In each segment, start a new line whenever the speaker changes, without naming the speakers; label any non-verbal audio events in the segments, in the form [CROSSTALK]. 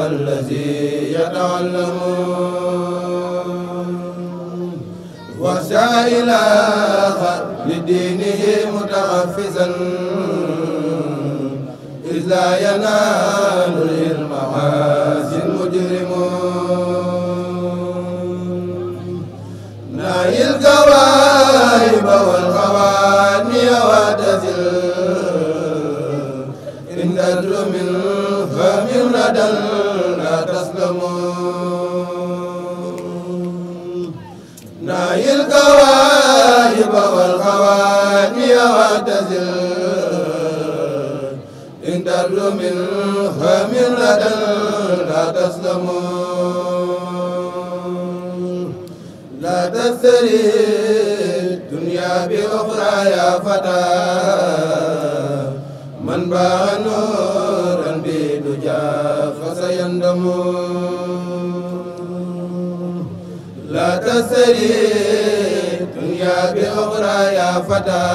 الذي يتعلم وسائلها لدينه متحفزا إذا ينال العلم لا تسلموا لا تستري الدنيا بأخرى يا فتى من باع نورا بدجى فسيندم لا تستري الدنيا بأخرى يا فتى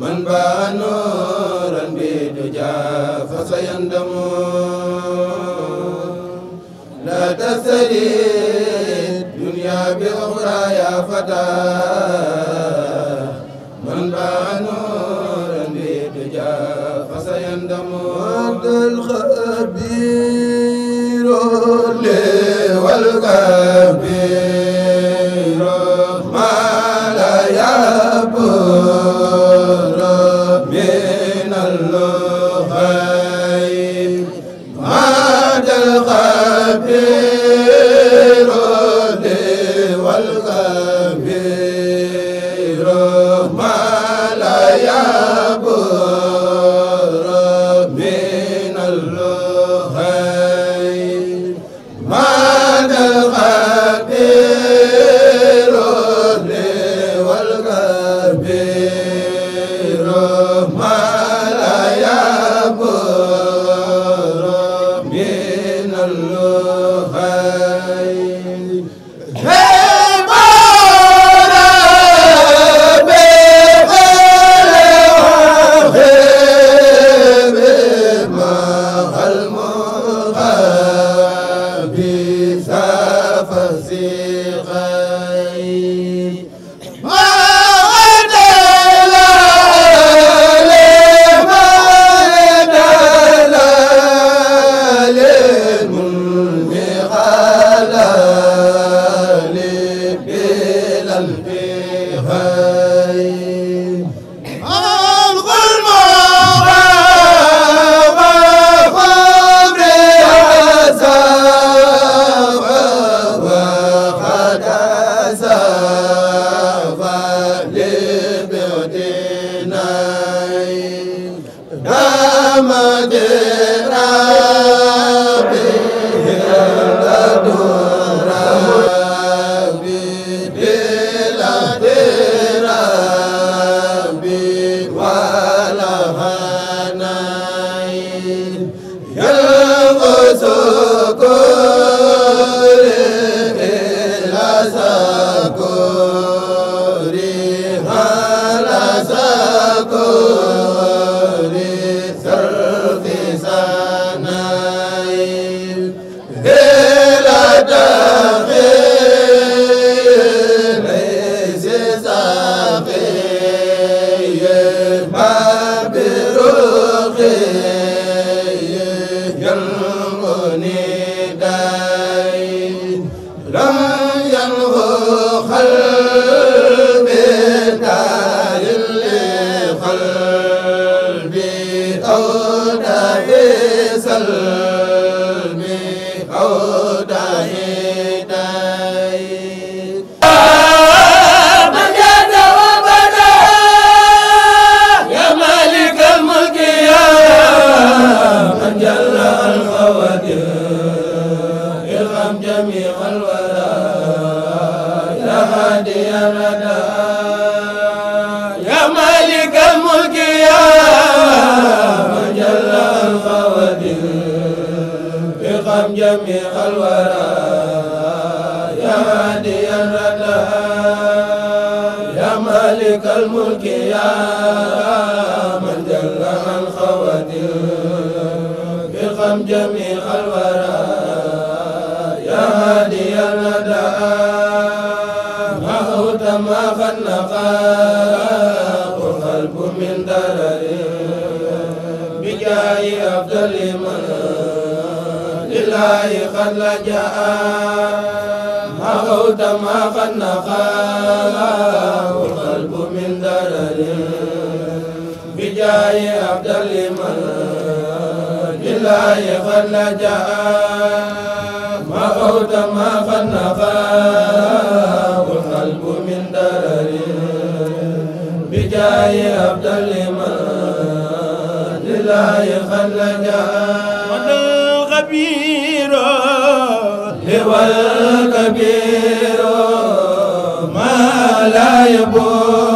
من باع نورا بدجى فسيندم تبتلي الدنيا بأخرى يا فتى من باع نورا بدجى فسيندم الخبير والقلب جميع الورى يا هادي الندى ما أوت ما خلقا قلب من درر بجاه أفضل من لله قد لجأ ما أوت ما خلقا قلب من درر بجاه أفضل
بالله
قد ما أوت ما قد نفى والقلب من درر بجاي عبد الإمام لله قد جاء خبير هو الكبير ما لا يبور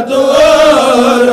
door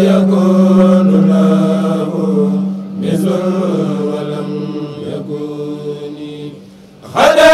يكون له مثل ولم يكن خدم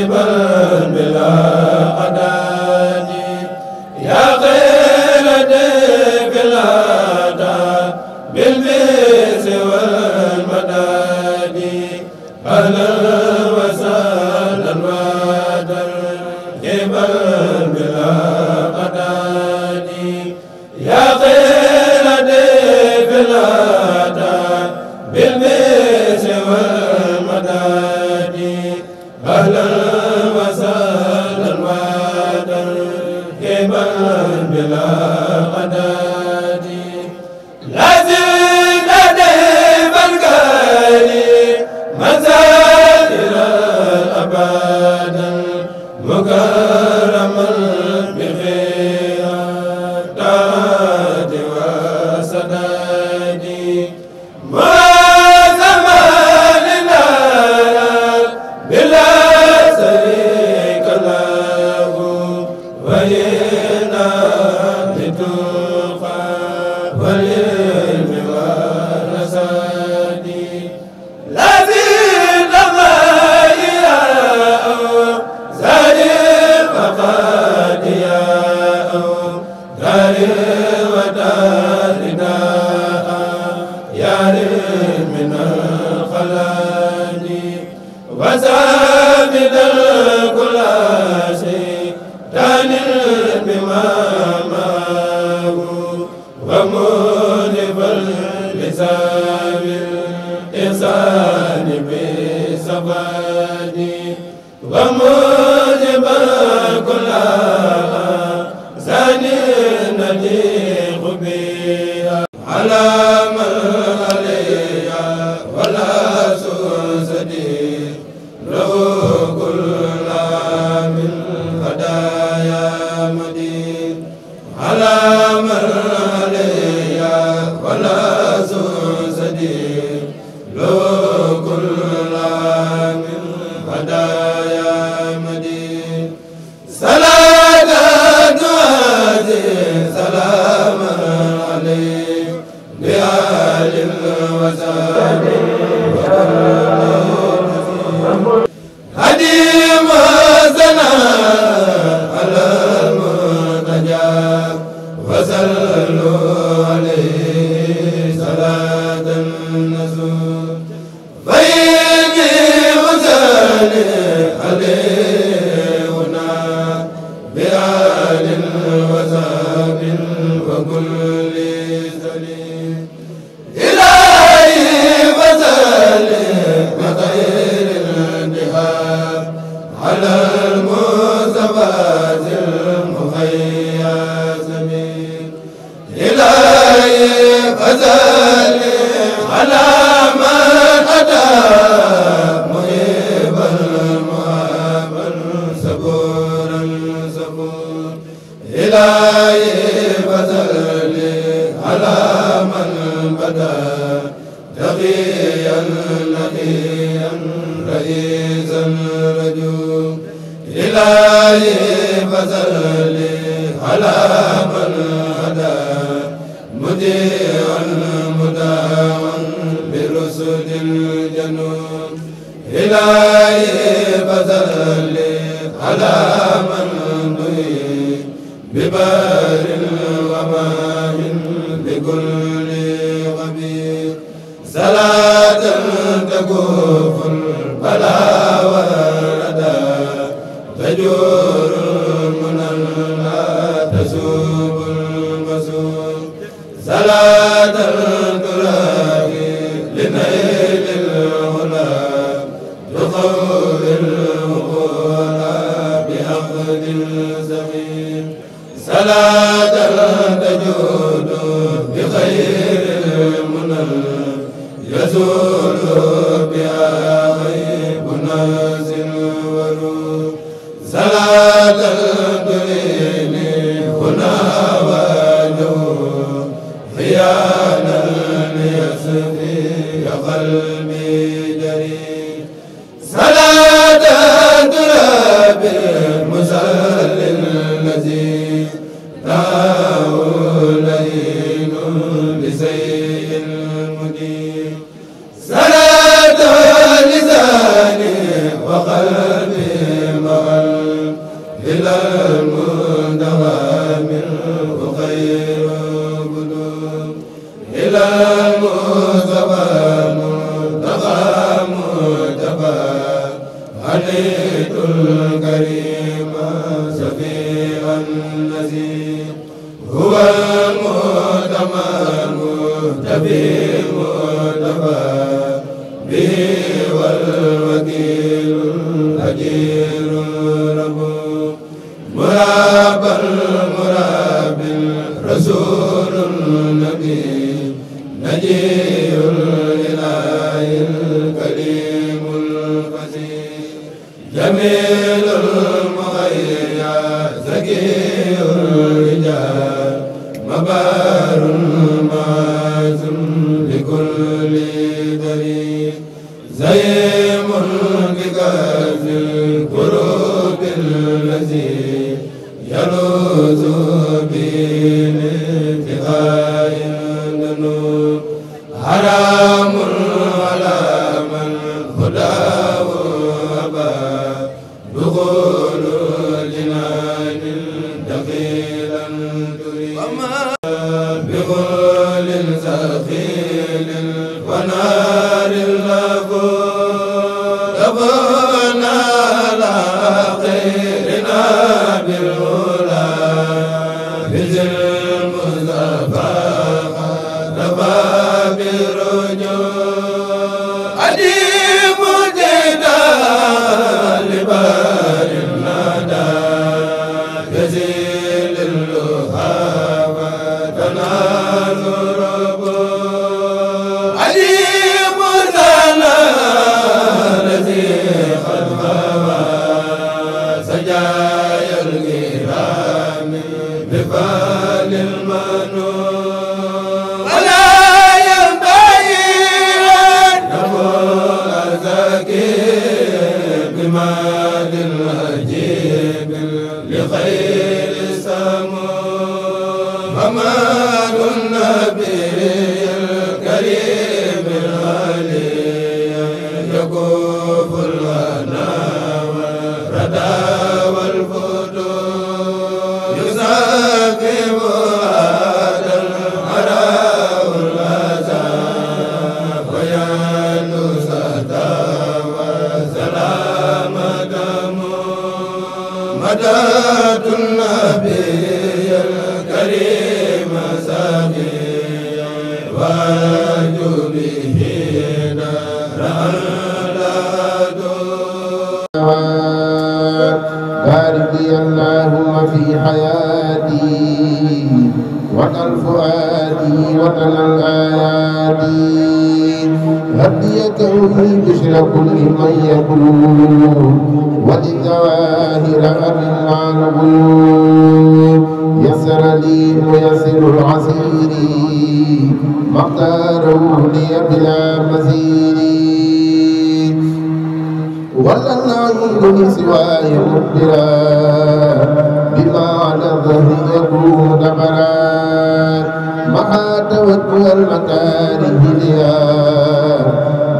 بلا nabi
العظيم يسر لي ويسر العسير مختاره لي بلا مزيد ولا العين سواي مقبلا بما على الظهر يكون برا مع توجه المكاره ليا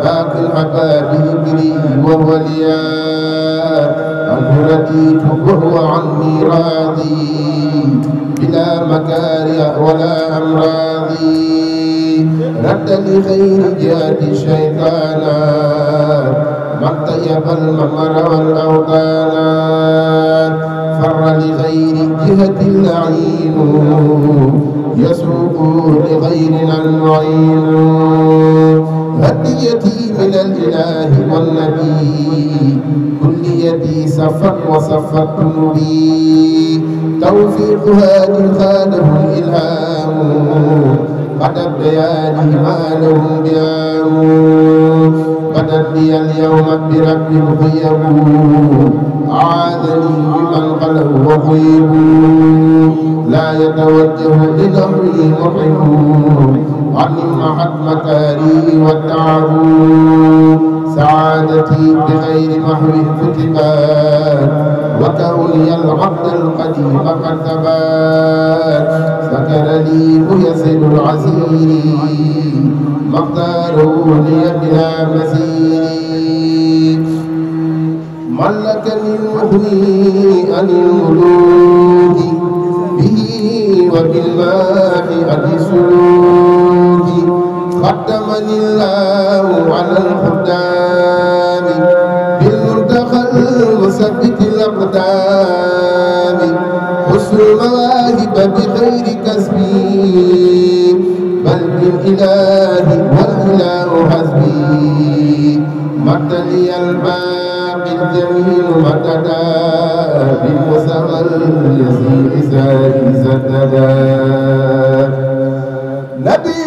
باقي العباد بري ووليا أمرتي وهو به راضي بلا مكاره ولا أمراضي رد لخير جهاد الشيطان من طيب الممر والأوطان فر لغير جهة اللعين يسوق لغيرنا المعين هديتي من الإله والنبي بيدي صفا وصفت جنودي توفيق هاد خاله الإلهام بعد البيان ما لهم بيان قد أتي اليوم برب خيبون عادني بمن قلب وخيب لا يتوجه لدهري مرعب علم محت مكاري والتعب سعادتي بغير محو فتبات وكرني العبد القديم قد
ثبات ذكر لي ميسر العزيز مختار لي بلا
مسير ملكني المغني عن الملوك به وبالماء عن السلوك قدمني الله على الخدام بالمرتخى المثبت الختام حسن المواهب بغير كسبي بل بالإله والإله حسبي
مت لي الباقي الجميل متدا بالمسمى
الذي سادس
نبي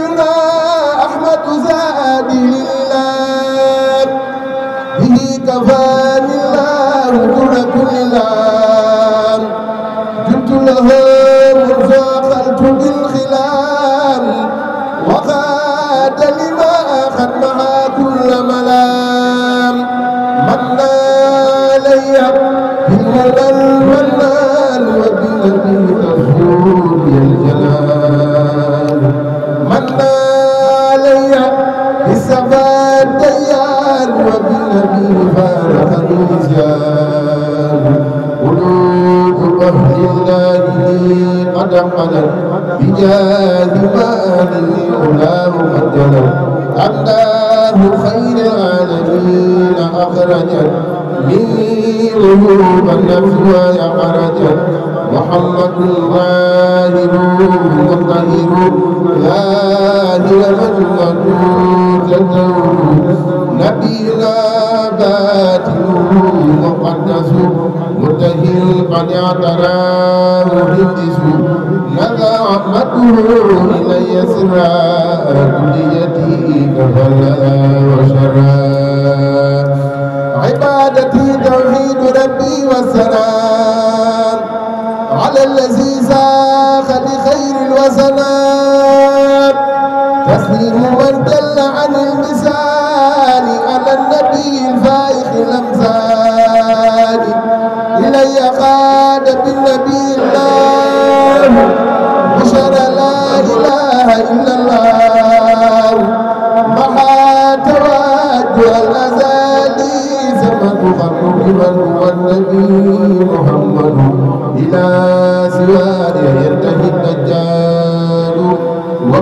وجاذبا لأولاه مجدا الله خير العالمين أخرجا من ظلوم النفس ويخرجا محمد الغالب مطهر غالب من مدودته نبينا باتنه مقدس متهل قد اعتراه بالجسم ماذا رحمته إلي سرا كليتي كفلا وشرا عبادتي توحيد ربي والسلام على الذي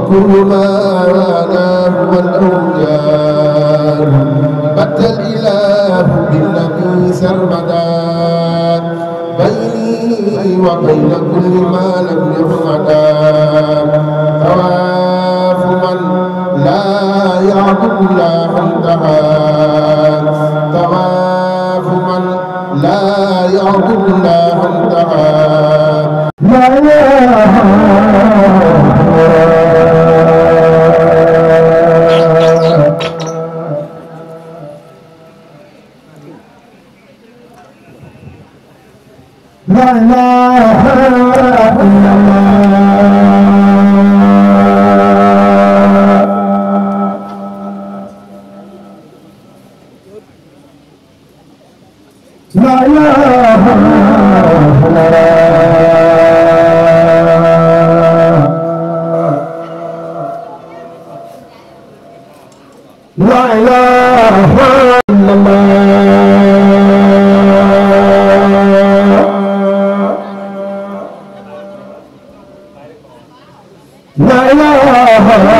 وكل ما نام والأوجان الأوجان بدا الإله بالذي سرمدا بيني وبين كل ما لم يفعدا طواف من لا يعبد الله انتهى طواف من لا يعبد الله
La la.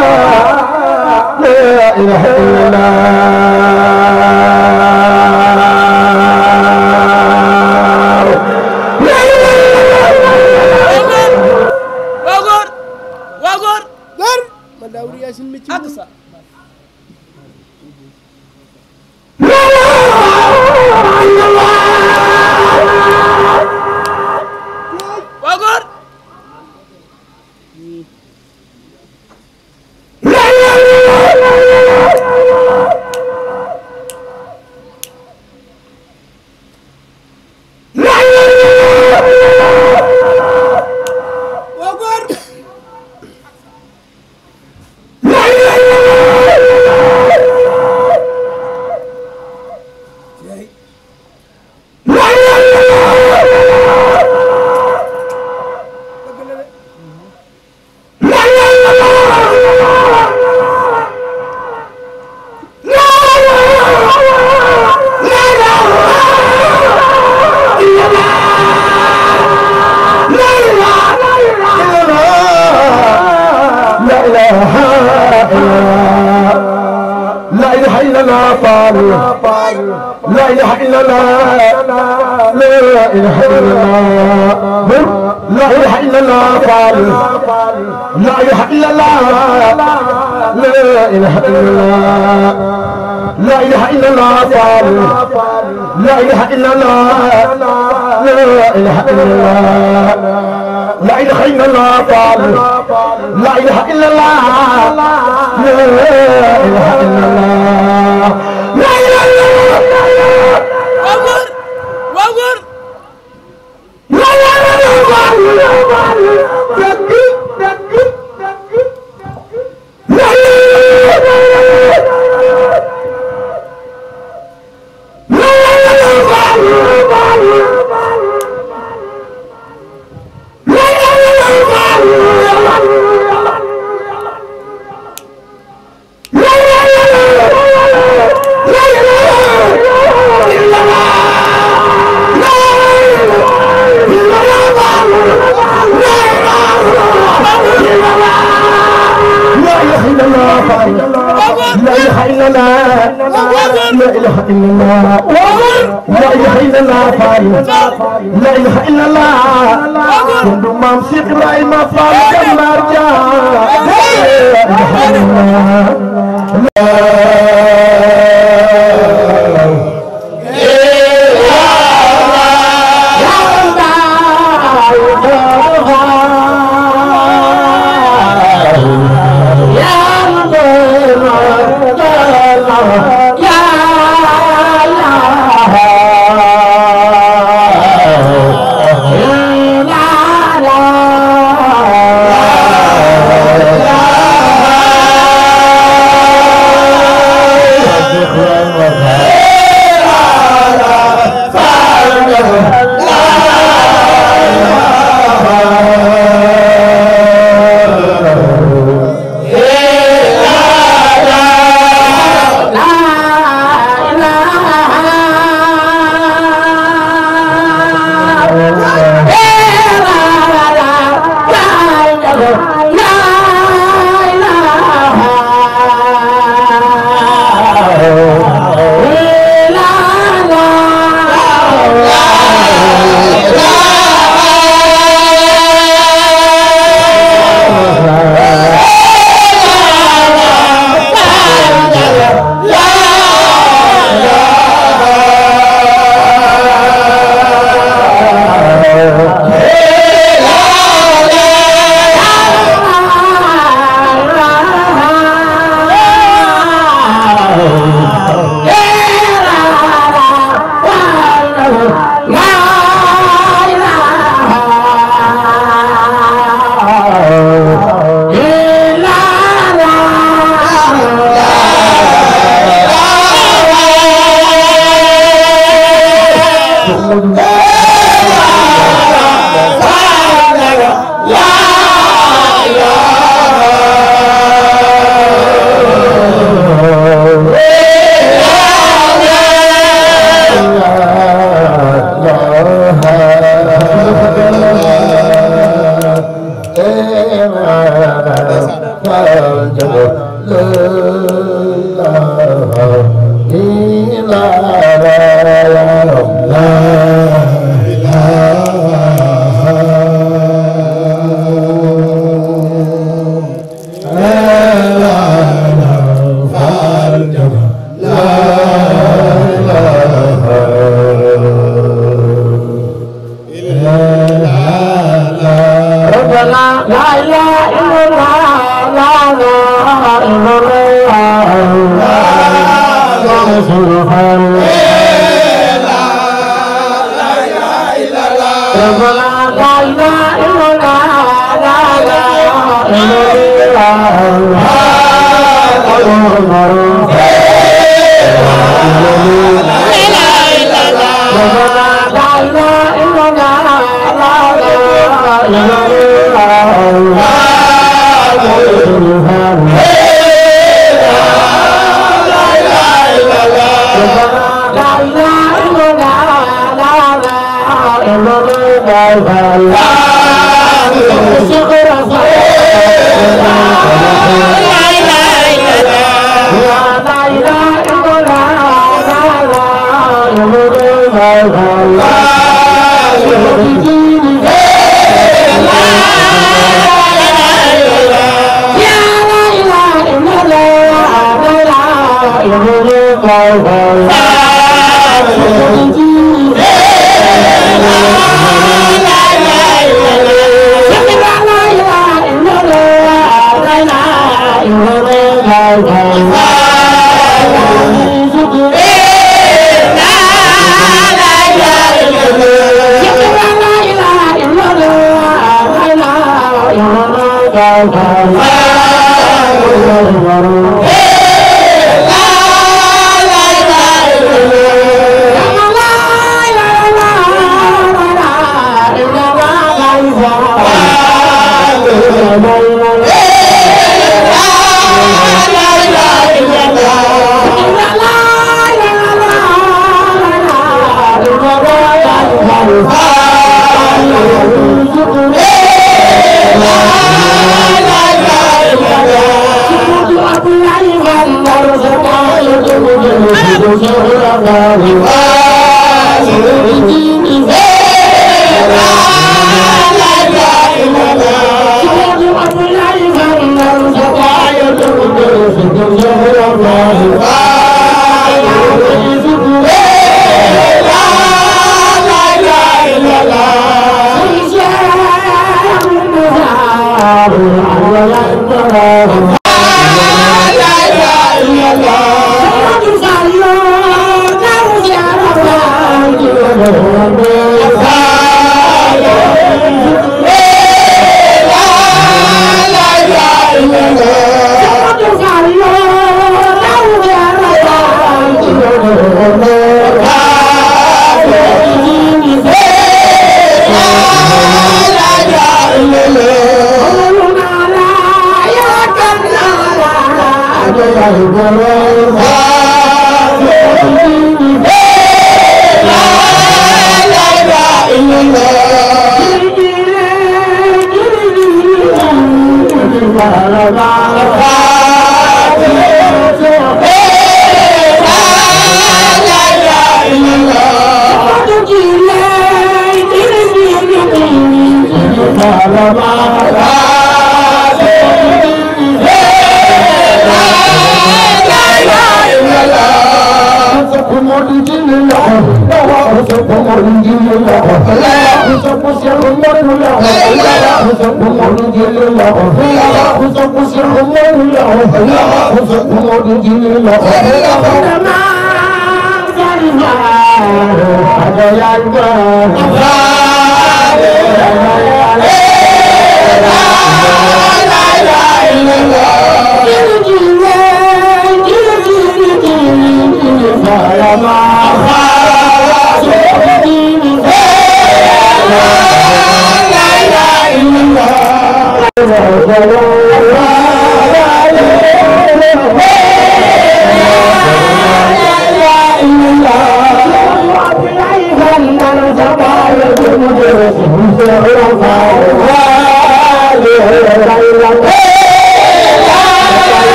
إله إلا الله Hallelujah. Allah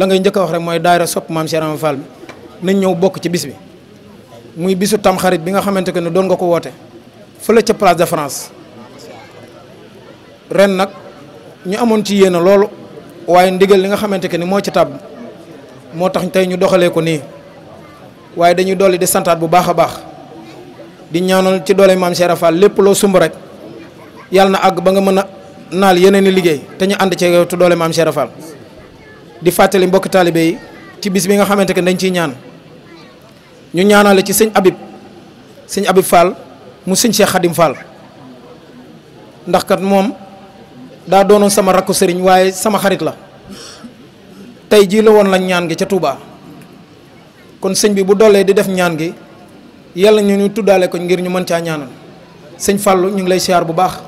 la ngay njëkk a wax rek mooy daayira sopp maam Cheikh Ibra bi nañ ñëw bokk ci bis bi muy bisu tamxarit bi nga xamante ne doon nga ko woote fële ca place de France ren nag ñu amoon ci yéen a loolu waaye ndigal li nga xamante ni moo ci tàbb moo tax tey ñu doxalee ko nii waaye dañuy dolli di santaat bu baax a baax di ñaanal ci doole maam Cheikh Ibra lépp loo sumb rek yàlla na àgg ba nga mën a naal yeneen i liggéey te ñu ànd ci yow te doole maam Cheikh di fàttali mbokk taalibe yi ci bis bi nga xamante ne dañ ciy ñaan ñu ñaanale ci sëñ Abib sëñ Abib Fall mu sëñ Cheikh Khadim Fall ndax kat moom daa doonoon sama rakku sëriñ sama xarit la tey jii la woon lañ ñaan gi Touba kon sëñ bi bu doolee di def ñaan gi yàlla ñu ñu tuddaale ko ngir ñu mën caa ñaanal sëñ Fallou ñu ngi lay siyaar bu baax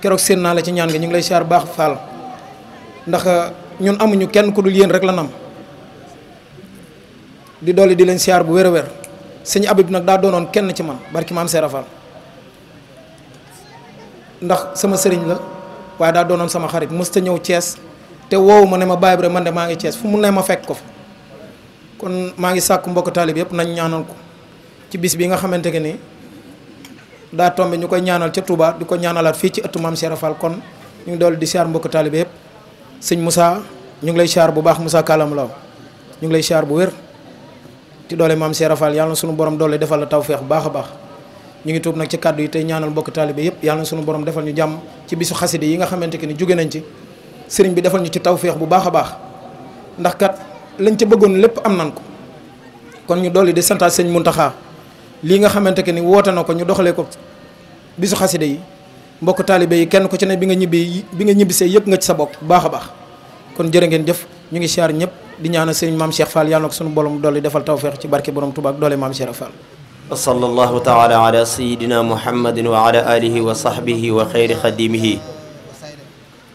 keroog séen naa la ci ñaan gi ñu ngi lay baax Fall ndax ñun amuñu kenn ku dul yeen rek la nam di doli di len siar bu wér a wér abib nak da doonoon kenn ci man barki maam seerafal ndax sama sëriñ la way da doonoon sama xarit musta ñew ties te woowu ma ne ma bàyyi man de ma ngi ties fu mu ne ma fekk ko kon ma ngi sakku mbokk talib yëpp nañ ñaanal ko ci bis bi nga xamantene ni da tombe ñukoy ñaanal ci Touba diko ñaanalat fi ci ëttu mam Cheikh kon ñu dol di siar mbokk talib sëñ musa, ñu ngi lay xaar bu baax Moussa kalam Law ñu ngi lay xaar bu wér ci doole mam Cheikh Rafal yalla suñu borom doole defal la tawfiq bu baax a ñu ngi tuub nak ci kaddu yi tay ñaanal mbokk talibé yépp yalla suñu borom defal ñu jam ci bisu xaside yi nga xamanteni ni nañ ci serigne bi defal ñu ci tawfiq bu baaxa baax ndax kat lañ ci bëggoon lepp am nañ ko kon ñu dolli di santa sëñ Muntaxa li nga xamanteni ni ñu doxale ko bisu xaside yi mbokk taalibe yi kenn ku ci ne bi nga ñibbi bi nga ñibbisee yëpp nga ci sa bopp baax a baax kon jërë ngeen jëf ñu ngi siyaar ñëpp di ñaanal sëriñ maam Cheikh Fall yàlla na suñu bolom dolli defal tawfeex ci barke borom Tuubaa ak doole maam Cheikh Fall
wa sallallahu taala على sayidina muhammadin wa ala alihi wa sahbihi wa xayri xadimihi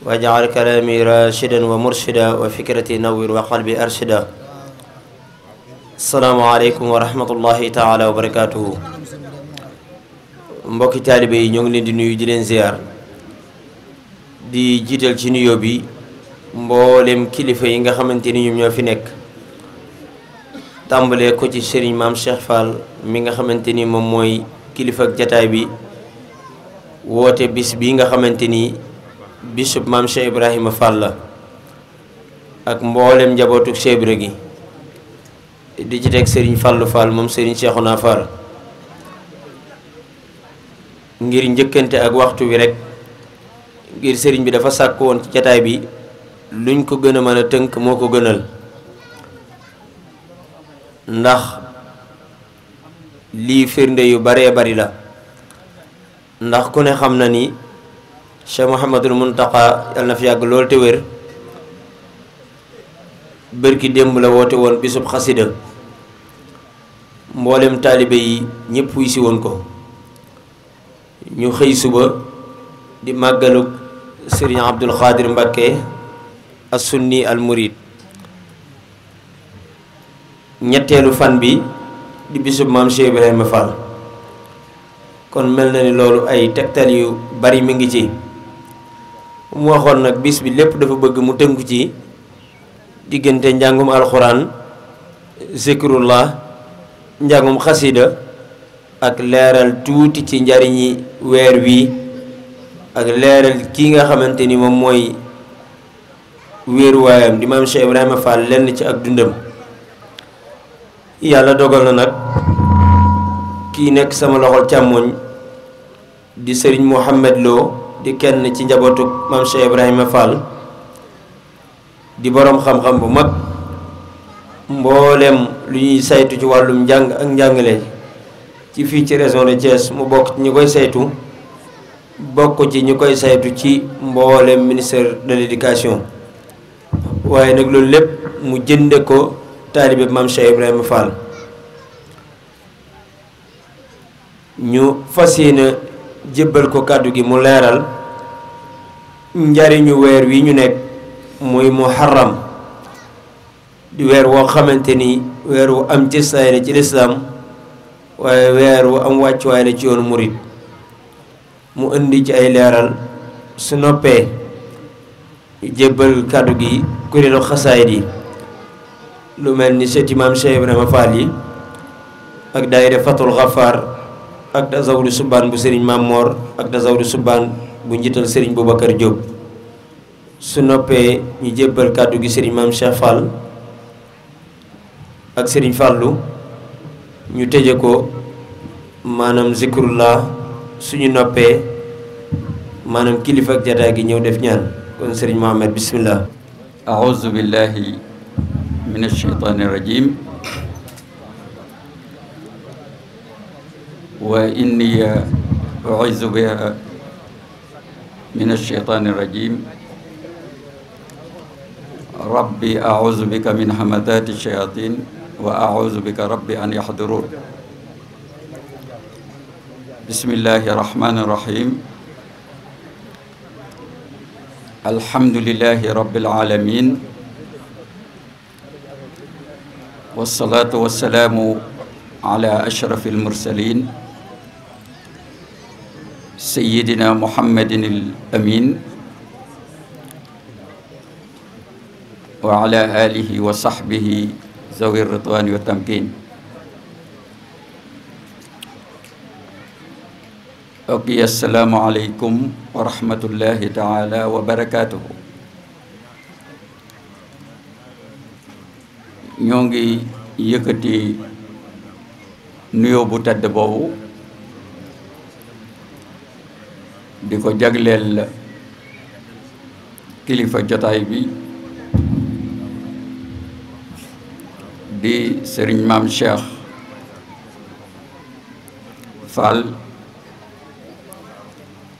واجعل كلامي راشدا ومرشدا وفكرتي نور وقلبي أرشدا السلام عليكم ورحمة الله تعالى وبركاته mbokki taalibe yi ñoo ngi leen di nuyu di leen ziar di jiital ci nuyo bi mboolem kilifa yi nga xamante ni ñoom ñoo fi nekk tàmbalee ko ci sëriñ maam Cheikh Fall mi nga xamante ni moom mooy kilifa ak jataay bi woote bis bi nga xamante ni bisub maam Cheikh Ibrahima Fall ak mboolem njabootu Cheikh gi di ci teg sëriñ Fallou Fall moom sëriñ Cheikhouna Fall ngir njëkkante ak waxtu wi rekk ngir sëriñ bi dafa sàkk woon ci jataay bi luñ ko gën a mën a tënk moo ko gënal ndax lii firnde yu baree bari la ndax ku ne xam na ni Cheikh Mouhamadul Muntaqa yàlla na fi yàgg lool te wér bërki démb la woote woon bisub xasida mboolem taalibe yi ñëpp wuy woon ko ñu xey suba di magalu serigne Abdul Xaadir Mbakke as sunni al murid ñettelu fan bi di bisub maam Cheikh ibrahim Fall kon mel ni lolu ay tektal yu bari mi ngi ci mu waxon nak bis bi lepp dafa bëgg mu teŋku ci diggante njàngum alxuraan zikrullah njangum khasida ak leeral tuuti ci njariñi weer wii ak leeral kii nga xamante ni moom mooy wéeruwaayam di maam Cheikh Ibrahima Fall lenn ci ak dundam yàlla dogal na nag kii nekk sama loxol càmmoñ di sëriñ Mouhamed Lo di kenn ci njabootu maam Cheikh Ibrahima Fall di boroom xam-xam bu mag mboolem lu ñuy saytu ci wàllum njàng ak njàngale ci fii ci région de Thiès mu bokk ci ñi koy saytu bokk ci ñi koy saytu ci mboolem ministère de l'éducation waaye nag loolu lépp mu jënde ko taalibe maam Cheikh Ibrahima Fall ñu fas yéene jébbal ko kàddu gi mu leeral njariñu weer wi ñu nekk muy muharram di weer woo xamante ni weer wu am cëslaay la ci lislaam waaye weer wu am wàccuwaay la ci yoonu murit mu indi ci ay leeral su noppee jébbal kàddu gi kuréelu xasaayit yi lu mel ni sëti maam Cheikh Ibrahima Fall yi ak daayira Fatul Xafaar ak tasawudu subaan bu sëriñ Maam Moor ak tasawudu subaan bu njiital sëriñ Boubacar Diop su noppee ñu jébbal kàddu gi sëriñ maam Cheikh Fall ak sëriñ Fallou ñu tëje ko maanaam zikrullah suñu noppee
maanaam kilifa ak jataay gi ñëw def ñaan kon sëriñ Mohamed bismillah أعوذ بالله من الشيطان الرجيم وإني أعوذ بها من الشيطان الرجيم ربي أعوذ بك من همذات الشياطين وأعوذ بك ربي أن يحضرون بسم الله الرحمن الرحيم الحمد لله رب العالمين والصلاة والسلام على أشرف المرسلين سيدنا محمد الأمين وعلى آله وصحبه zawir ridwan wa tamkin Oke, okay, Assalamualaikum warahmatullahi ta'ala wabarakatuh ñoo ngi yëkkati bu tedd boobu di ko jagleel kilifa jotaay bi di sëriñ maam Cheikh Fall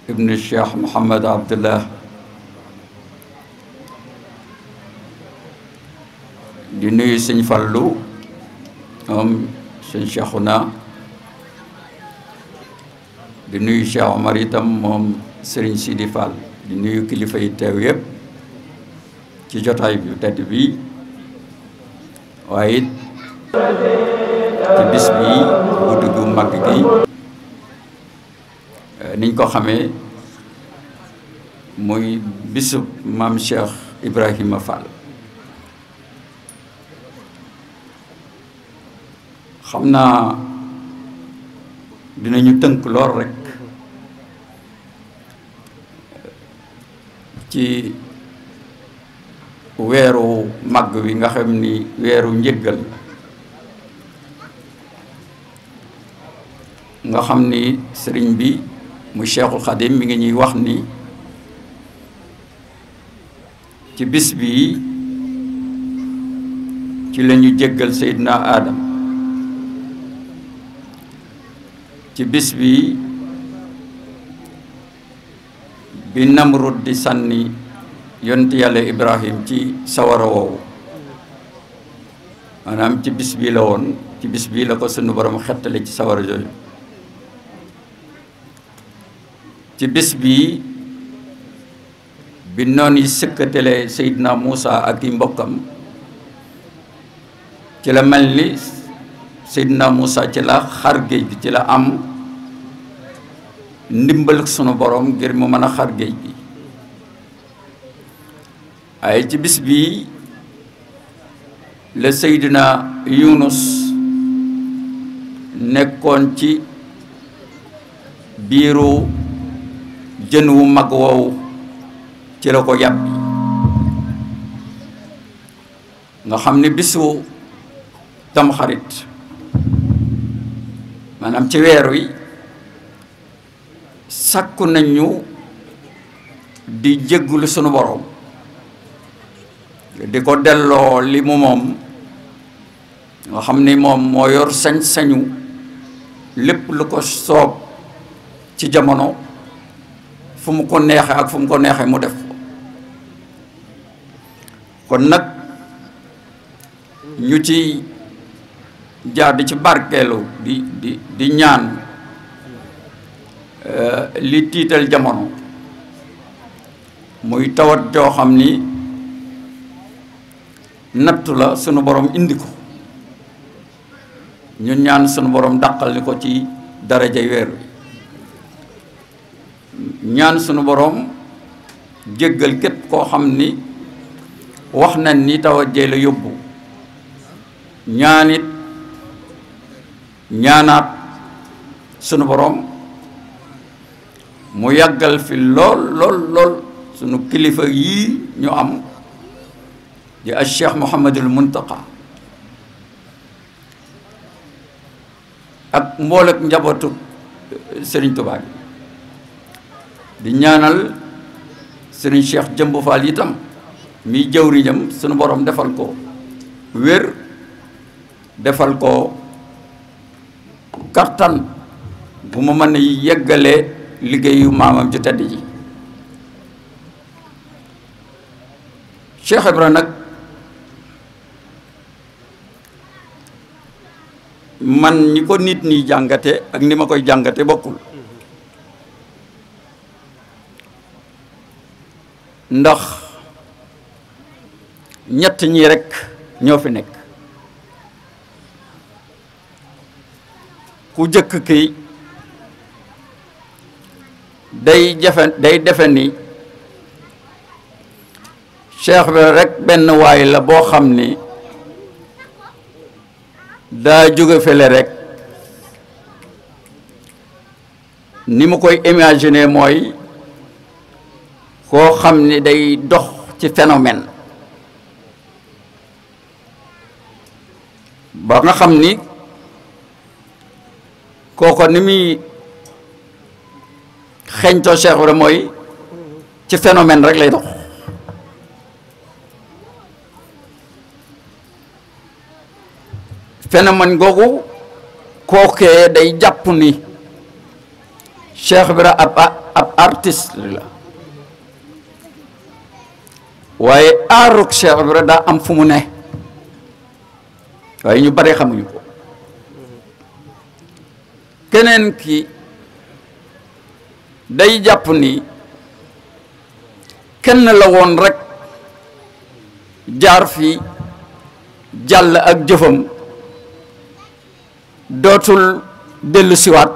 ibn Cheikh Mouhamed Abdullah di nuyu sëñ Fallu moom sëñ Cheikhouna di nuyu Cheikh Omar itam moom sëriñ Sidi Fall di nuyu kilifa teew yëpp ci jotaay bi tedd bi wahid ci bis bi guddi gu mag gi eh, niñ ko xamé moy bisub mam Cheikh ibrahim Fall xamna dinañu teunk lor rek eh, ci weeru màgg wi nga xam ni weeru njëggal nga xam ni sëriñ bi mu Cheikhul Khadim mi ngi ñuy wax ni ci bis bii ci la ñu jéggal Adam ci bis bii bi Namrud di sànni yonent yàlla ibrahim ci sawara woowu maanaam ci bis bii la woon ci bis bii la ko sunu boroom xettale ci sawara jooju ci bis bii bi noon yi sëkkatale Seydina Muusa ak i mbokkam ci la mel ni Seydina Muusa ci la xar géej bi ci la am ndimbal sunu borom ngir mu mën a xar géej gi ay ci bis bii la Seydina Yunus nekkoon ci biiru jën wu mag woowu ci la ko yàpp nga xam ne bisu tamxarit maanaam ci weer wi sàkku nañu di jéggulu sunu boroom di ko delloo li mu moom nga xam ni moom moo yor sañ-sañu lépp lu ko soob ci jamono fu mu ko neexe ak fu mu ko neexe mu def ko kon nag ñu ci jaar di ci barkeelu di di di ñaan eh, li tiital jamono muy tawat joo xam ni nattu la sunu borom indi ko ñaan sunu borom dakkal ni ko ci darajay weer ñaan sunu borom jéggal képp koo xam ni wax na ni taw la yóbbu ñaanit ñaanaat sunu borom mu yàggal fi lool lool lool sunu kilifa yi ñu am للشيخ محمد المنتقى ak mboolek njabootu Serigne Touba bi di ñaanal Serigne Cheikh Jëmb Fall itam mi jëwriñam sunu borom defal ko wér defal ko kattan bu mu mën a yeggalee liggéeyu maamam ju tedd ji Cheikh Ibra nag man ñi ko nit ñi jàngate ak ni ma koy jàngate bokkul ndax ñett ñii rekk ñoo fi nekk ku jëkk ki day jafe day defe ni cheikh rekk benn waay la boo xam ni daa jóge fele rek ni mu koy imaginer mooy koo xam ni day dox ci phénomène ba nga xam ni kooko ni muy xeñtoo Cheikh Ibra mooy ci phénomène rek lay dox phénomène googu kookee day jàpp ni Cheikh Ibra ab ab artiste la waaye aarug Cheikh Ibra daa am fu mu ne waaye ñu bare xamuñu ko keneen ki day jàpp ni kenn la woon rekk jaar fi jàll ak jëfam dootul dellu siwaat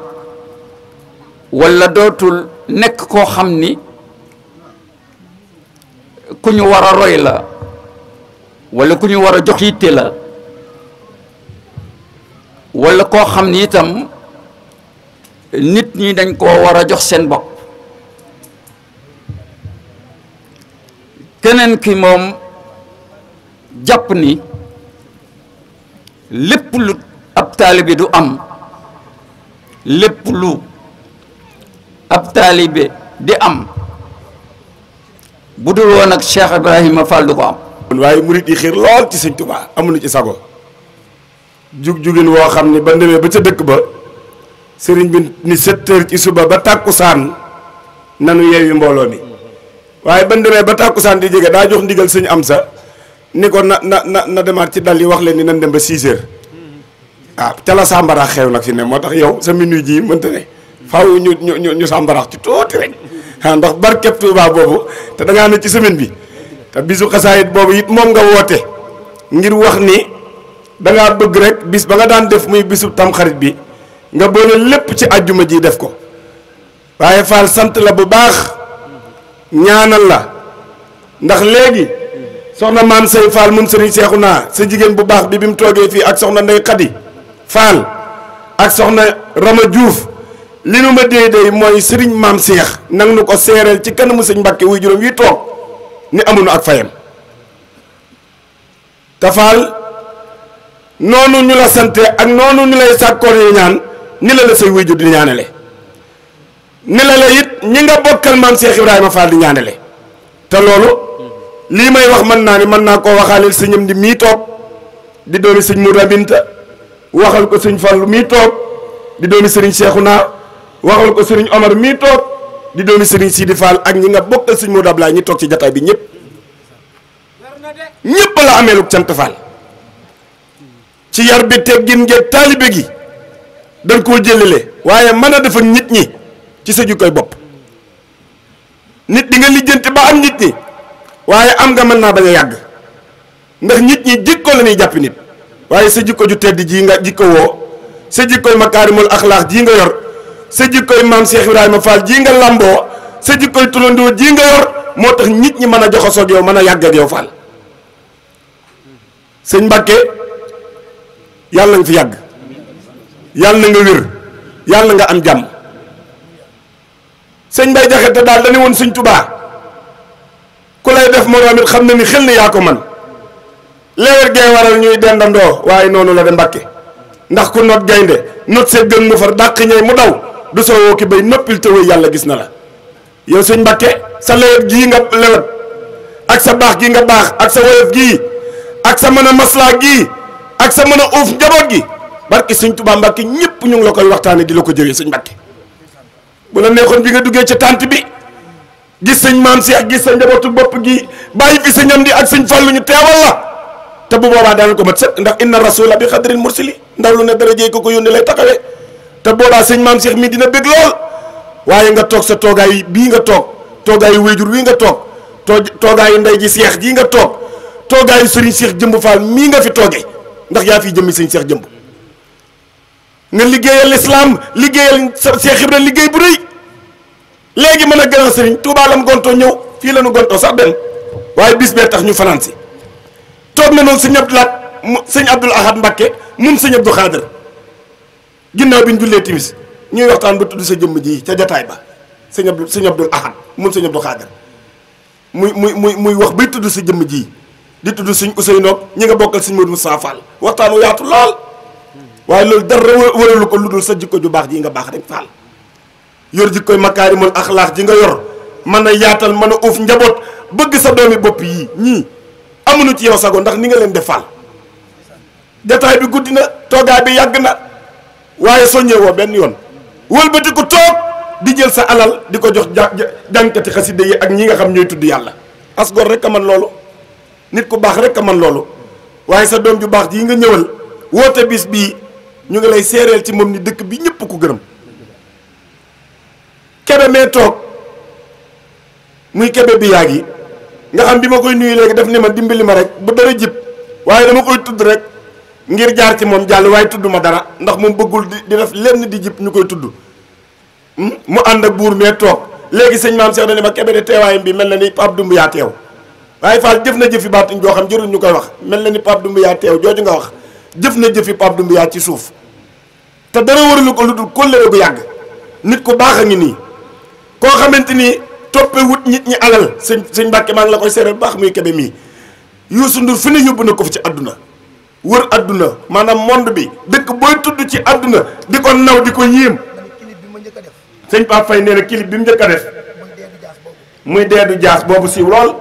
walla dootul nekk koo xam ni ku ñu war a roy la walla ku ñu war a jox yitte la walla koo xam ni itam nit ñi dañ koo war a jox seen bopp keneen ki moom jàpp ni lépp lu ab talibé du am lepp lu ab talibé di am budul won ak Cheikh ibrahim Fall du ko am.
waaye murit yi xir lol ci seigne touba amuñu ci sago jug jugin wo xamni ba demee ba ca dekk ba serigne bin ni 7h ci suba ba takusan nanu yai mbolo mi waye ba demee ba takusan di jege da jox ndigal sëñ amsa na na na demat ci dal yi wax nan dem ba 6h ah te la sàmbaraax xew nag fi ne moo tax yow sa minu ji mënta ne faaw ñu ñu ñu sàmbaraax ci tuuti rek ah ndax barkeb Tuubaa boobu te da ne ci semaine bi te bisu xasaayit boobu it moom nga woote ngir wax ni da ngaa bëgg rek bis ba nga daan def muy bisu tamxarit bi nga boole lépp ci àjjuma ji def ko waaye Fall sant la bu baax ñaanal la ndax léegi soxna maam say Fall mun sëriñ seexu naa sa jigéen bu baax bi bi mu toogee fii ak soxna ndey Xadi Fal, ak soxna Rama Diouf li nu ma nang nu ko seereel ci kanam serigne mbacke wuy juróom yi tok ni amunu ak fayam te Fall ñu la sante ak nonu ñu lay sakkor yi ñaan ni la la sey wuy di ñaanale ni la la yit ñi nga bokkal mam cheikh Ibrahima Fall di ñaanale te lolu li may wax man na ni man na ko serigne di mi tok di doori serigne Mourabinta waxal ko serigne Fallu mi tok di doomi serigne cheikhuna waxal ko serigne Omar mi tok di doomi serigne Sidi Fall ak ñi nga bokkal sëñ Modou Ablaye ñi tok ci jotaay bi ñepp ñepp la ciar cant Fall ci yar bi teggin ngeeg talibé gi dañ ko jëlélé waye mëna a nit ñi ci sëju koy bop nit di nga lijeenti ba am nit ñi waye am nga mëna naa ndax nit ñi jikko la ñuy japp nit waaye sa jikko ju tedd ji nga jikkowoo woo sa jikkoy makaarimul axlaax ji nga yor sa jikkoy maam Cheikh Ibrahima Fall ji nga làmboo sa jikkoy turandoo ji nga yor moo tax nit ñi mën a jox joxasoo ak yow mën a yàgg ak yow Fall yàlla nga fi yàgg yàlla na nga wér yàlla nga am jàmm sëñ Mbay Jaxate daal dañu woon sëñ Tubaa ku lay def moroom it xam na ni xel ni yaa ko man lewer gay waral ñuy dendando waaye nonu la de mbàkke ndax ku not gaynde not se gën mu far dak ñey mu daw du so woki bay noppil te way yalla gis na la yow sëñ mbàkke sa lewer gi nga lewer ak sa bax gi nga bax ak sa woyof gi ak sa mëna masla gi ak sa mëna uuf jabot gi barki sëñ tubaa mbàkke ñepp ñu ngi la koy di la ko jëwé sëñ mbàkke bu la neexon bi nga duggé ci tante bi gis sëñ mam si ak gis sa jabotu bop gi bayyi fi di ak sëñ fallu ñu téwal la te bu boobaa daan ko mat sëkk ndax inna rasula bi xadril mursili ndaw lu ne darajee ko ko yónni lay taxawee te boobaa sëñ maam Cheikh mii dina bëgg lool waaye nga toog sa toogaay bii nga toog toogaayu wéyjur wii nga toog too toogaayu ndey ji seex jii nga toog toogaayu sëriñ Cheikh Jëmb Fall mii nga fi toogee ndax yaa fi jëmmi sëñ seex Jëmb nga liggéeyal islam liggéeyal Cheikh Ibra liggéey bu rëy léegi mën a gën a sëriñ Touba lam gontoo ñëw fii la nu gontoo sa benn waaye bis bee tax ñu fanaan si toog na noonu sëñ Abdou Lahat sëñ Abdoul Ahad Mbacké mun seigne Abdou Khader ginnaw biñ ñu timis ñuy waxtaan bu tuddu sa jëm ji ca jotaay ba seigne Abdou seigne Abdoul Ahad mun seigne Abdou Khader muy muy muy muy wax bay tuddu sa jëm ji di tuddu seigne Ousseynou ñi nga bokal seigne Modou Moussa Fall waxtaan wu yaatu lol waaye loolu dara waralu ko luddul sa jikko ju bax ji nga bax rek Fall yor jikko makarimul akhlaq ji nga yor man yaatal man uuf njabot bëgg sa doomi bop yi ñi amuñu ci yow sago ndax ni nga leen defal jataay bi guddi na toogaay bi yàgg na waaye soññee woo benn yoon wëlbati ko toog di jël sa alal di ko jox jànkati xaside yi ak ñi nga xam ñooy tudd yàlla asgor rek a man loolu nit ku baax rek a man loolu waaye sa doom ju baax ji nga ñëwal woote biis bii ñu ngi lay seereel ci moom ni dëkk bi ñëpp ko gërëm kebe mee toog muy kebe bi yaag yi nga xam bi ma koy nuyu léegi daf ne ma dimbali ma rek bu dara jib waaye dama koy tudd rek ngir jaar ci moom jàll waaye tudd ma dara ndax moom bëggul di di def lenn di jib ñu koy tudd hmm? mu ànd ak buur mee toog léegi sëñ maam Cheikh ne ma kebere teewaayam bi mel na ni Pape Dumb yaa teew waaye Fall jëf na jëfi baatuñ joo xam jërul ñu koy wax mel na ni Pape Dumb yaa teew jooju nga wax jëf na jëfi Pape Dumb yaa ci suuf te dara waralu ko lu dul kóllëre gu yàgg nit ku baax a ngi nii koo ni toppewut nit ñi alal sëñ sëñ Mbàkke maa la koy seeral baax muy kebe mii Youssou Ndour fi ne yóbbu na ko fi ci àdduna wër àdduna maanaam monde bi dëkk booy tudd ci àdduna di ko naw di ko yéem sëñ Pape Faye nee na bi mu njëkk a def muy deedu jaas boobu siiw lool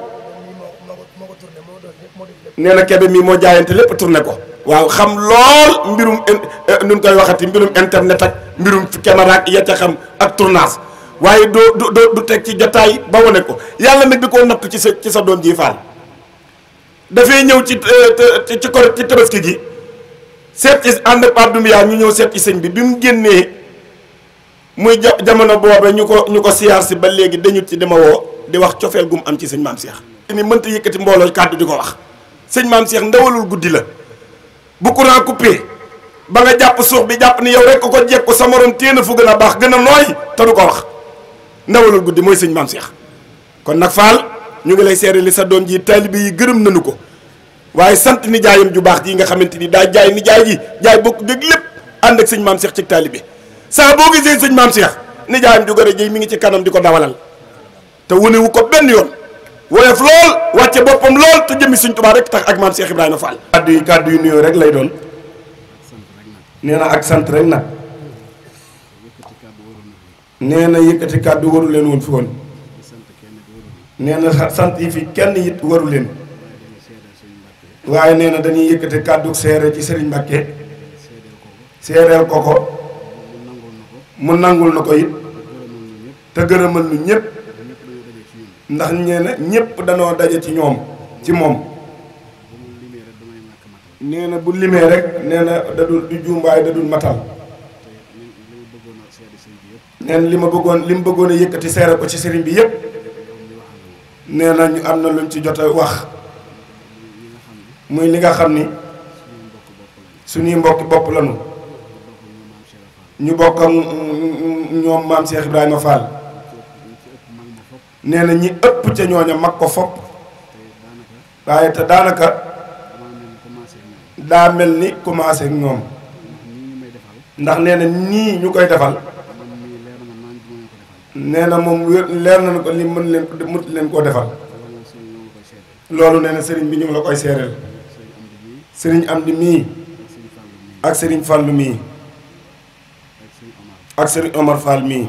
nee na kebe mii moo jaayante lépp tourné ko waaw xam lool mbirum eh, nu koy waxati mbirum internet ak mbirum caméra ak ya ca xam ak tournage waaye doo doo du teg ci jotaay ba wane ko yàlla nag di koo natt ci sa ci sa doom ji faal dafay ñëw ci euh, ci ko ci tabaski gi seet ci ànd ak Abdou ñu ñëw seet ci sëñ bi bi mu génnee muy jamono boobe ñu ko ñu ko siyaar si ba léegi dañu ci dama woo di wax cofeel gum am ci sëñ maam Cheikh. ni mënta yëkkati mbooloo kàddu di ko wax sëñ maam Cheikh ndawalul guddi la bu naa coupé ba nga jàpp suuf bi jàpp ni yow rek ko jekku sa morom téena fu gën a baax gën a nooy te du ko wax. ndawalul guddi mooy sëñ maam seex kon nag Fall ñu ngi lay seere li sa doom ji taalibe yi gërëm nañu ko waaye sant ni jaayam ju baax ji nga xamante ni daa jaay ni jaay ji jaay bokk dëgg lépp ànd ak sëñ maam Cheikh ci taalibe saa boo gisee sëñ maam Cheikh ni jaayam ju gore ji mi ngi ci kanam di ko dawalal te wanewu ko benn yoon woyof lool wàcce boppam lool te jëmmi sëñ Tuubaa rek tax ak maam Cheikh Ibrahima Fall. kàddu yi kàddu yu nuyoo rek lay doon nee na ak sant rek nag. nee na yëkkati kàddu waru leen woon fi woon nee na sant yi fi kenn it waru leen waaye nee na dañuy yëkkati kàddu seere ci Serigne Mbacke seereel ko ko mu nangul na ko it te gërëmal nu ñëpp ndax nee na ñëpp danoo daje ci ñoom ci moom nee na bu limee rek nee na da du juumbaay da matal neen li ma bëggoon li ma bëggoon a yëkkati seere ko ci sëriñ bi yëpp nee na ñu am na luñ ci jot a wax muy li nga xam ni suñuy mbokki bopp lañu ñu bokk ak ñoom maam Cheikh Ibrahima Fall nee na ñi ëpp ca ñooña mag ko fopp waaye te daanaka daa mel ni commencé ak ñoom ndax nee na nii ñu koy defal nee na moom wér leer nañu ko li mën leen mut leen koo defal loolu nee na sëriñ bi ñu la koy seereel sëriñ am di mii ak sëriñ Fàllu mii ak sëriñ Omar Fall mii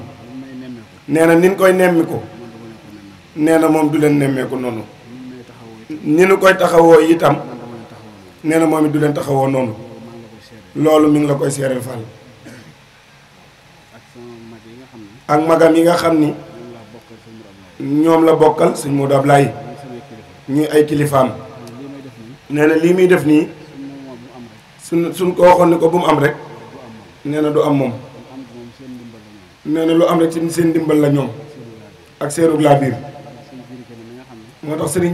nee na nin koy nemmi ko nee na moom du leen nemmeeku noonu ni nu koy taxawoo itam nee na moom it du leen taxawoo noonu loolu mu ngi la koy seereel Fall ak magam yi nga xamni ñom la bokkal seigne Modou Ablaye ñi ay kilifam neena li mi def ni sun sun ko waxoon ni ko bu mu am rek neena du am mom neena lu am rek ci seen dimbal la ñom ak seru tax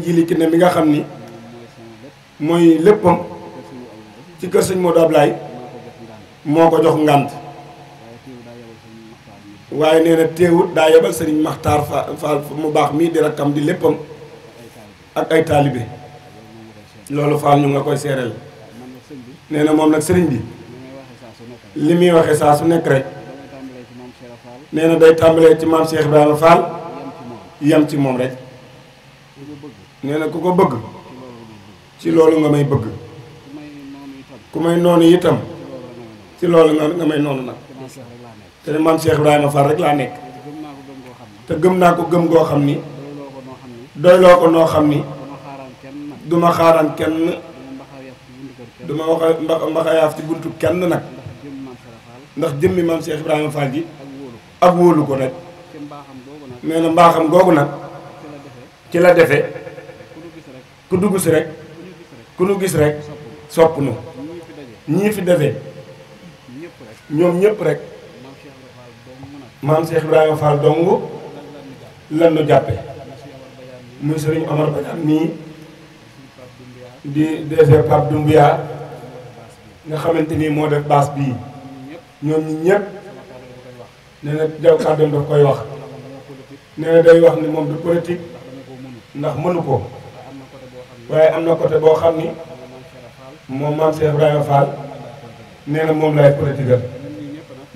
Jili Kine mi nga xamni moy leppam ci keur seigne Modou Ablaye moko jox ngant waaye nee na daa yebal sëriñ Maxtaar Faal mu baax mii di rakkam di léppam ak ay taalibe loolu Faal ñu nga koy seereel nee na moom nag sëriñ bi li muy waxee saa su nekk rek nee na day tàmbalee ci maam Cheikh Ibrahima Fall yem ci moom rek nee ku ko bëgg ci loolu nga may bëgg ku may noonu itam ci loolu nga nga may noonu nag te ne maam Cheikh Ibrahima Fall rek laa nekk te gëm naa ko gëm goo xam ni doyloo ko noo xam ni du ma xaaraan kenn du ma wax mbaxayaaf ci buntu kenn nag ndax jëmmi maam Cheikh Ibrahima Fall ji ak wóolu ko rek nee na mbaaxam googu nag ci la defe ku dugg si rek ku nu gis rek sopp nu ñii fi defee ñoom ñëpp rek maam Cheikh Ibrahima Fall dong lan nu jàppe muy sëriñ Omar Badiane mii di DG Pape Doumbia nga xamante ni moo def baas bii ñoom ñi ñëpp nee na jaw kàddoom daf koy wax nee na wax ni moom du politique ndax mënu ko waaye am na côté boo xam ni moom maam Cheikh Ibrahima Fall nee moom lay politique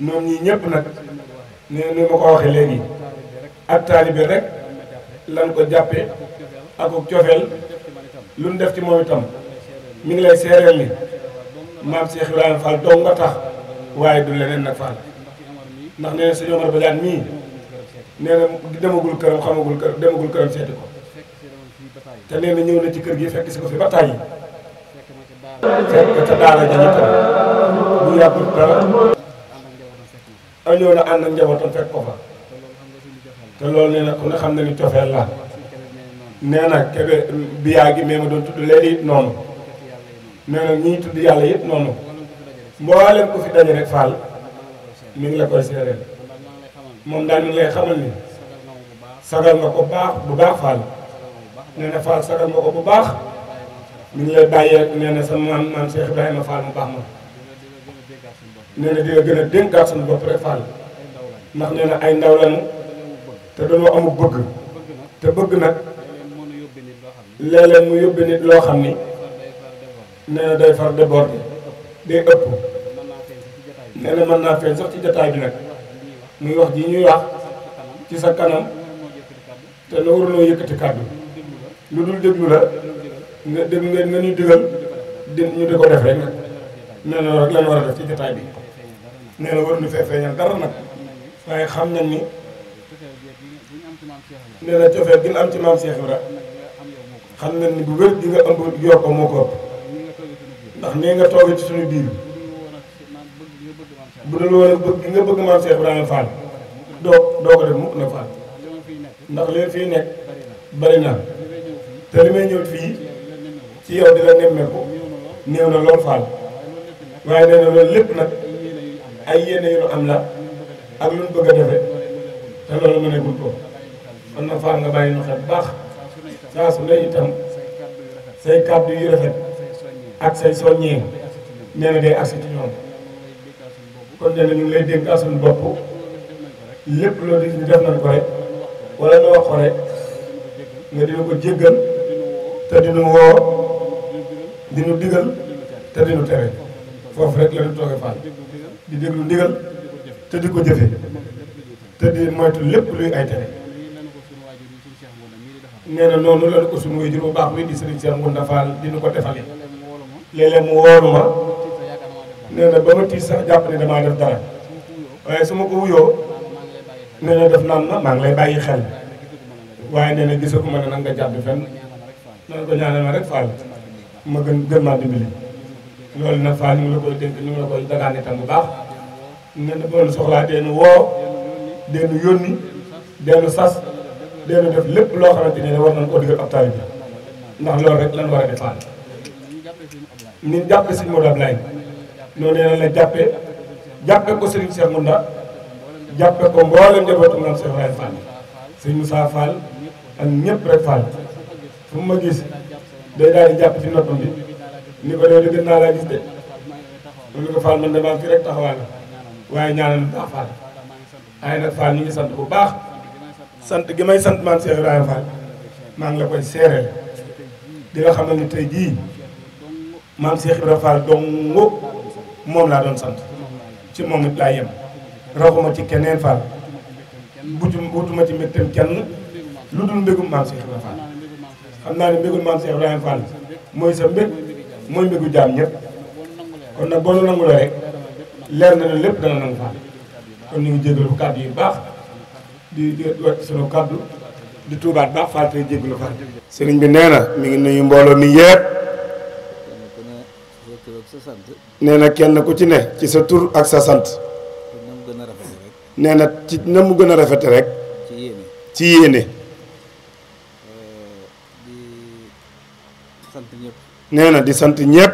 ñoom ñii ñëpp nag ne ni ma ko waxee léegi ak taalibe rek lan ko jàppe akuk cofeel lu nu def ci moom itam mi ngi lay seereel ni maam Cheikh Ibrahima Fall dong nga tax waaye du leneen nag Fall ndax nee si sëñ Omar Badiane mii nee na demagul këram xamagul kër demagul këram seeti ko te nee na ñëw na ci kër gi fekk si ko fi ba tàyyi fekk ca daara ja itam bu yàggul dara a ñëw na ànd ak njabootam fekk ko fa te loolu nee na ku ne xam na ni cofeel la nee na kebe biyaa gi mee ma doon tudd leen it noonu nee na ñii tudd yàlla yëpp noonu mboolem ku fi daje rek faal mi ngi la koy moom daal mi ngi lay xamal ni sagal nga ko baax bu baax faal nee na faal sagal nga ko bu baax mu ngi lay bàyyee nee na sa maam maam Cheikh Ibrahima Fall mu baax ma nee na dina gën a dénkaat suñu bopp rek Fall ndax nee na ay ndaw lañu te dañoo amul bëgg te bëgg nag léeg-léeg mu yóbbi nit loo xam ni nee na day far déborde day ëpp nee na mën naa feeñ sax ci jataay bi nag muy wax ji ñuy wax ci sa kanam te na warunoo yëkkati kàddu lu dul déglu la nga déglu nga ñu digal di ñu di ko def rek nag nee rek lan war a def ci jataay bi nee na waruñu fee feeñal dara nag waaye xam nañ ni nee na cofeel gi nga am ci maam Cheikh Ibra xam nañ ni bu wér gi nga ëmb yor ko moo ko ndax nii nga toogee ci suñu biir bu dul woon bëgg gi nga bëgg maam Cheikh Ibrahima Fall doo doo ko def mukk na Fall ndax leen fii nekk bari na te li may ñëw fii ci yow di la nemmeeku néew na lool Fall waaye nee loolu lépp nag. ay yéene yu am la ak lu ñu bëgg a defe te loolu mu ne gul ko kon na faar nga bàyyi ñu xel baax saa su ne itam say kàddu yu rafet ak say soññee nee na day asu ci ñoom kon nee na bopp lépp loolu di ñu def nañ ko rek wala ñu wax ko nga dina ko jéggal te dinu woo dinu digal te dinu tere foofu rek la ñu toogee faal di déglu ndigal te di ko jëfe te di moytu lépp luy ay tere nee na noonu la ko suñu waajur bu baax mi di sëriñ Cheikh Ngounda Fall di ñu ko defalee léeg-léeg mu wóolu ma nee ba ma tiis sax jàpp ne damaa def dara waaye su ma ko wuyoo nee na def naan na maa ngi lay bàyyi xel waaye nee na gisaguma ne nag nga jàpp fenn nee ko ñaanal ma rek Fall ma gën gën maa dimbali. loolu na Fall ñu ngi la koy dénk ñu ngi la koy dagaane tam bu baax nga ne loolu soxlaa dee nu woo dee nu yónni dee nu sas dee nu def lépp loo xamante ne war nañu ko digal ab taalibe bi ndax loolu rek lan war a def Fall ni jàppe sëñ Modou Ablaye noonu nee na la jàppe jàppe ko sëriñ Cheikh Mounda jàppe ko mboolem njabootam lan Cheikh Ibrahima Fall sëñ Moussa Fall ak ñëpp rek Fall fu ma gis day daal di jàpp ci noppam bi ni ko loolu gën naa laa gis de mu ni ko Fall man damaa fi rek taxawaa la waaye ñaanal bu baax Fall ay nag Fall ñu ngi sant bu baax sant gi may sant maam Cheikh Ibrahima Fall maa ngi la koy seereel di nga xamal ni tey jii maam Cheikh Ibrahima Fall dong moom laa doon sant ci moom it laa yem raxuma ci keneen Fall butu ci mbégteem kenn lu dul mbégum maam Cheikh Ibrahima Fall xam naa ne mbégum maam Cheikh Ibrahima Fall mooy sa mbég mooy mbégu jaam ñëpp kon nag boo nu nanguloo rek leer na ne lépp dana nangu fa kon ñu ngi jégalu kàddu yu baax di di wàcc sunu kàddu di tuubaat baax faal tey jégalu fa. sëriñ bi nee na mi ngi nuyu mbooloo mi yépp nee na kenn ku ci ne ci sa tur ak sa sant. nee na ci na mu gën a rafete rek. ci yéene. nee na di sant ñépp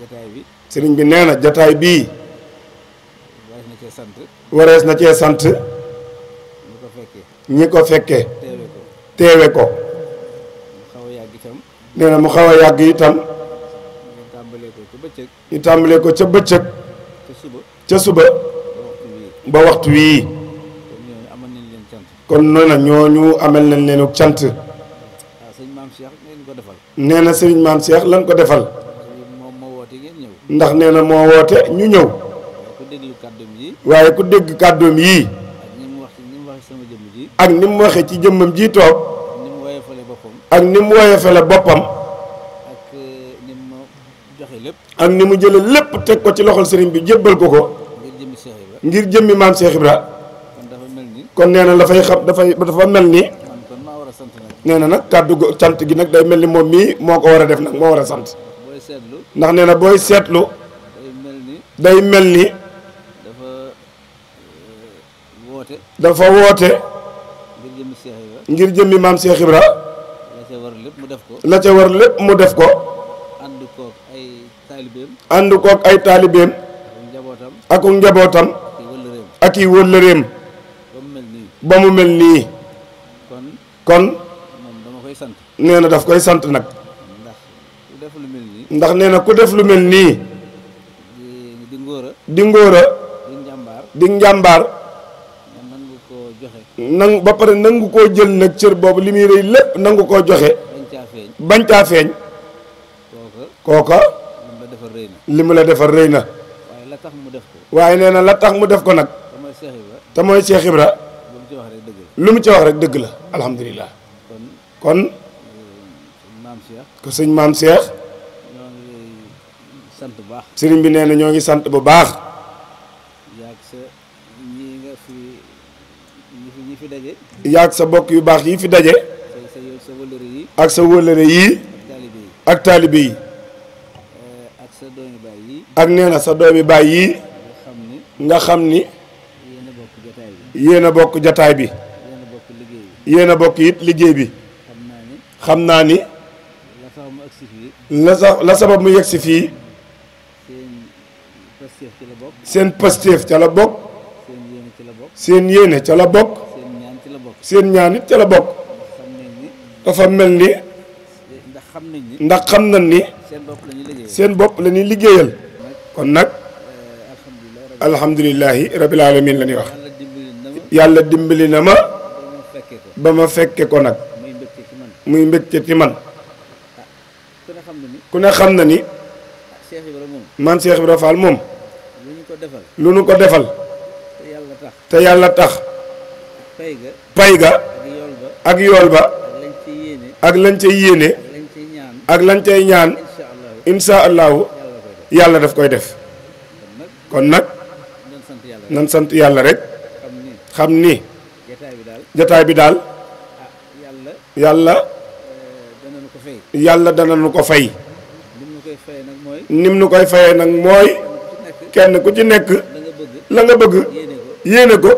jataay bi sëriñ bi nee na jataay bii warees na cee sant na cee sant ñi ko fekke ñi ko fekke teewe ko nee na mu xaw a yàgg itam ñu tàmbalee ko ca bëccëg ca suba ba waxtu wii kon noonu ñooñu amal nañ leenu cant nee na sëriñ maam Cheikh lan ko defal ndax nee na moo woote ñu ñëw waaye ku dégg kàddoom yii ak ni mu waxee ci jëmmam ji toog ak ni mu woyefale boppam ak ni mu jële lépp teg ko ci loxol sëriñ bi jébbal ko ko ngir jëmmi maam Cheikh Ibra kon nee na dafay xam dafay dafa mel ni nee na nag kàddu cant gi nag day mel ni moom mii moo ko war a def nag moo war a sant ndax nee na booy seetlu day mel ni eh, dafa woote ngir jëmmi maam Cheikh Ibra la ca war lépp mu def ko ànd koog ay taalibeem ànd koog ay taalibeem ak njabootam ak wëllëreem ba mu mel nii kon nee daf koy sant nag ndax nee na ku def lu mel nii di ngóora di ngóora di njàmbaar nangu ba pare nangu koo jël nag cër boobu li muy rëy lépp nangu koo joxe bañ caa feeñ kooka li mu la defar rëy na waaye nee na la tax mu def ko nag te mooy Cheikh Ibra lu mu ci wax rek dëgg la alhamdulilah kon ko sëñ maam Cheikh. sant bu baax bi nee na ñoo ngi sant bu baax.
yaag sa fi ñi
fi sa bokk yu baax yi fi daje. sa yi. ak sa wëllëre yi. ak taalibe yi. ak eh, sa doomi baay yi. nee na sa doomi baay yi. nga xam ni. yéen a bokk jataay bi. yéen a bokk liggéey bi. yéen liggéey bi. xam naa ni. لا سبب مو يكسي في سين باستيف تي بوك سين يينه تي بوك سين ياني تي لا بوك سين ياني تي لا سين بوك لا ني ليغيال كون نك الحمد لله رب العالمين لاني واخ يالا ديمبلي نما بما فكيكو نك muy mbecte ci ku ne xam na ni man Cheikh Ibra Fall moom lu ñu ko defal lu te yàlla tax pay ga ak yool ba ak lañ cay yéene ak lañ cay ñaan insha allahu yàlla daf koy def kon nag nan sant yàlla rek xam ni jataay bi daal ah yàlla eh, yàlla dana nu ko fay nim nu koy fayee nag mooy kenn ku ci nekk la nga bëgg yéene ko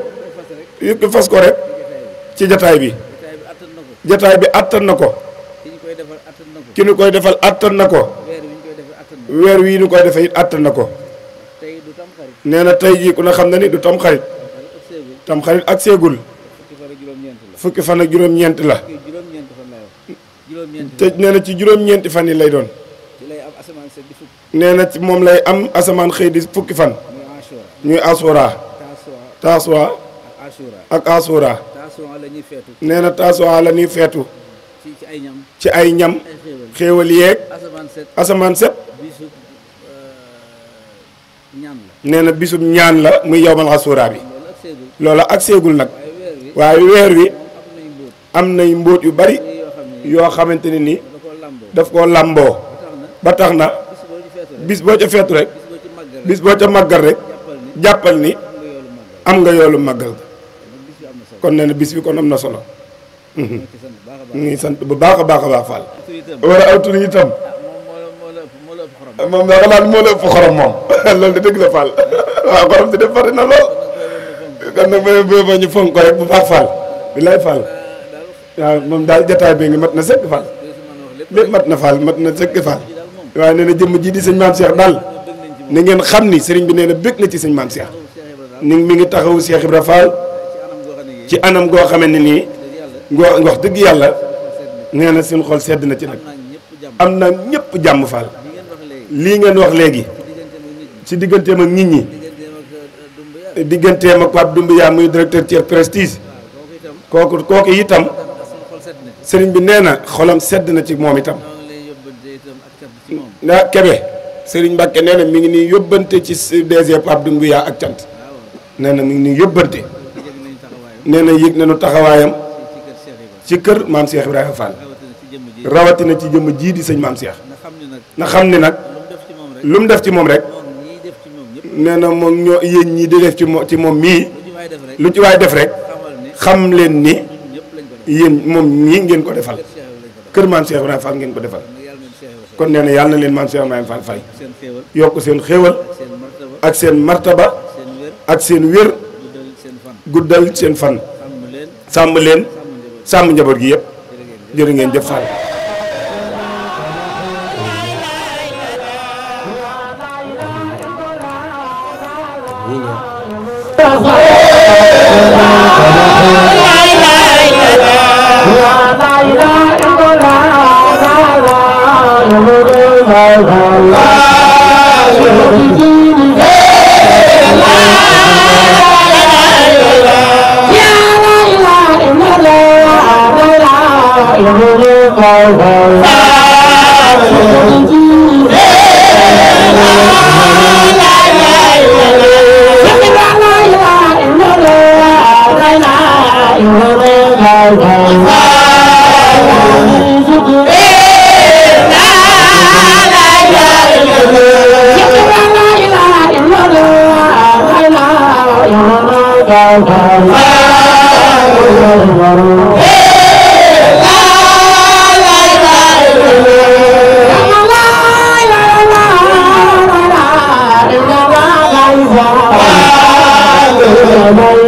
yu fas ko rek ci jataay bi jataay bi attan na ko ki nu koy defal àttan na ko weer wii nu koy defee it attan na ko nee na tey jii ku ne xam na ni du tam xarit tam xarit ak seegul fukki fan ak juróom-ñeent la te nee na ci juróom-ñeenti fan yi lay doon nee na ci moom lay am asamaan xëy di fukki fan ñuy asura taaswa ak asura nee na taaswa la ñuy feetu ci ay ñam xéewal yeeg asamaan set
euh,
nee na bisub ñaan la muy yowmal asura bi loola ak seegul nag waaye weer wi am nay mbóot yu bari yoo xamante ne ni daf koo làmboo ba tax na bis boo ca feetu rek bis boo ca màggal rek jàppal ni am nga yoolu màggal kon nee na bis bi kon am na solo mhm. ñu ngi sant bu baax a baax a baax Fall a awtul itam moom daa xalaat moo la ëpp xorom moom [LAUGHS] loolu de dëgg la Fall [LAUGHS] waaw xorom si def fari na lool kon nag ba ñu fonk ko rek bu baax Fall bilaay Fall waaw moom daal jataay bi ngi mat na sëkk Fall lépp mat na Fall mat na sëkk Fall waaye nee na jëmm ji di sëñ maam Cheikh daal na ngeen xam ni sëriñ bi nee na bëgg na ci sëñ maam Cheikh ni mi ngi taxawu Cheikh Ibra Fall ci anam goo xamee ni nii ngoo ngox dëgg yàlla nee na suñu xol sedd na ci nag am na ñëpp jàmm Fall lii ngeen wax léegi ci digganteem ak nit ñi digganteem ak Pape Doumbia muy directeur Thiès Prestige kooku kooku itam sëriñ bi nee na xolam sedd na ci moom itam. na Kébé Serigne Mbacke nee na mi ngi nii yóbbante ci DG Pape Doumbia ak cant nee na mi ngi nii yóbbante nee na yëg nañu taxawaayam ci kër maam Cheikh Ibrahima Fall rawatina ci jëmm jii di sëñ maam Cheikh na xam ne nag lu mu def ci moom rek nee na moom ñoo yéen ñii di def ci moom ci moom mii lu ci waay def rek xam leen ni yéen moom mii ngeen ko defal kër maam Cheikh Ibrahima Fall ngeen ko defal. kon neena yalla na leen man Cheikh Ibrahima Fall fay yok seen xewal ak seen martaba ak seen wer guddal seen fan sam leen sam njaboot gi yeb jere ngeen def Fall Wow.
Oh, Amen.